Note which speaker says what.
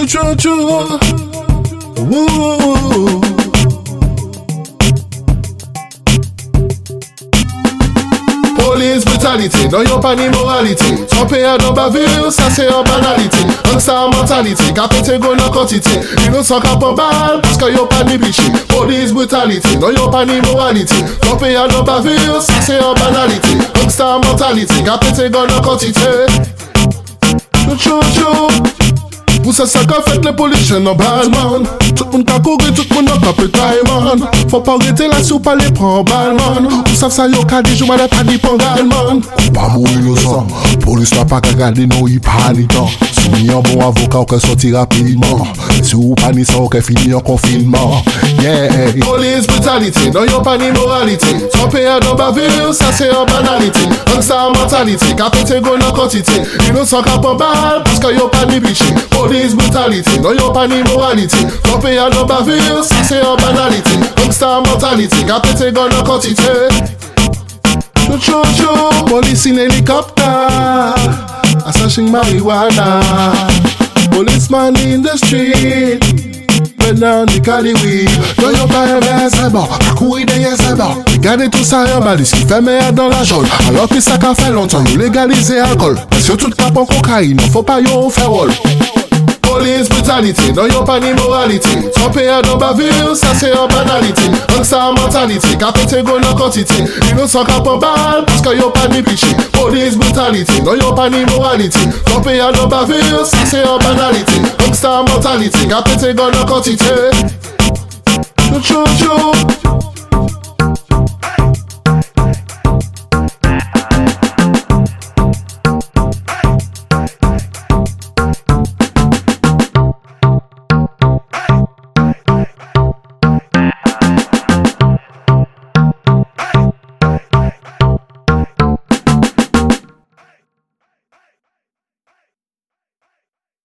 Speaker 1: Chou chou chou chou Wou kerper bak Stretch-02 Really is no He Jonathan Pousa sa ka fèt lè polisyè nan ban Touman, tout mkakou gè tout Fou pa ou gete la sou pa le probalman Ou saf sa yo kadej ou wade pandi pou galman Kou
Speaker 2: pa moun yon son Polis wap ak agade nou yi palitan Sou mi yon bon avoka ou ke soti rapilman Sou wap anisa ou ke fini yon konfinman
Speaker 1: Yeah Polis brutalite, nou yon pa ni moralite Tope ya don bavir, sa se yon banalite Unstan mortalite, ka pete go nan kotite Yon son ka pombal, poska yon pa ni bichin Polis brutalite, nou yon pa ni moralite Tope ya don bavir, sa se yon banalite Gangsta mentality, got to take on a quantity. Chocho, police in helicopter, assassin marijuana. Policeman in the street, but now the Cali weed. Yo yo pas un verre, c'est bon, à courir derrière, c'est bon. Regardez tout ça, y'a balise qui fait meilleur dans la jaune. Alors que ça qu'a fait longtemps, nous légalisez l'alcool. Parce que tout cap en cocaïne, faut pas yo faire rôle. Polis brutalite, nou yon pa ni moralite Tope an obavir, sase an banalite Honksta an mortalite, ka pete go nan kotite Li nou saka po ban, paska yon pa ni pichi Polis brutalite, nou yon pa ni moralite Tope an obavir, sase an banalite Honksta an mortalite, ka pete go nan kotite